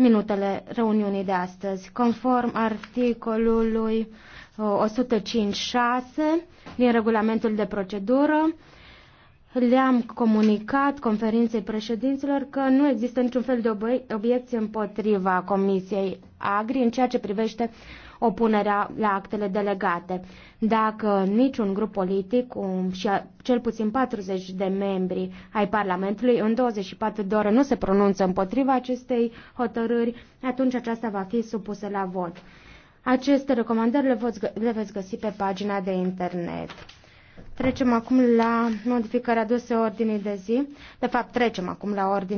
minutele reuniunii de astăzi. Conform articolului 105.6 uh, din regulamentul de procedură, le-am comunicat conferinței președinților că nu există niciun fel de obiecție împotriva Comisiei Agri în ceea ce privește opunerea la actele delegate. Dacă niciun grup politic um, și cel puțin 40 de membri ai Parlamentului în 24 de ore nu se pronunță împotriva acestei hotărâri, atunci aceasta va fi supusă la vot. Aceste recomandări le, le veți găsi pe pagina de internet. Trecem acum la modificarea aduse ordinii de zi. De fapt, trecem acum la ordine.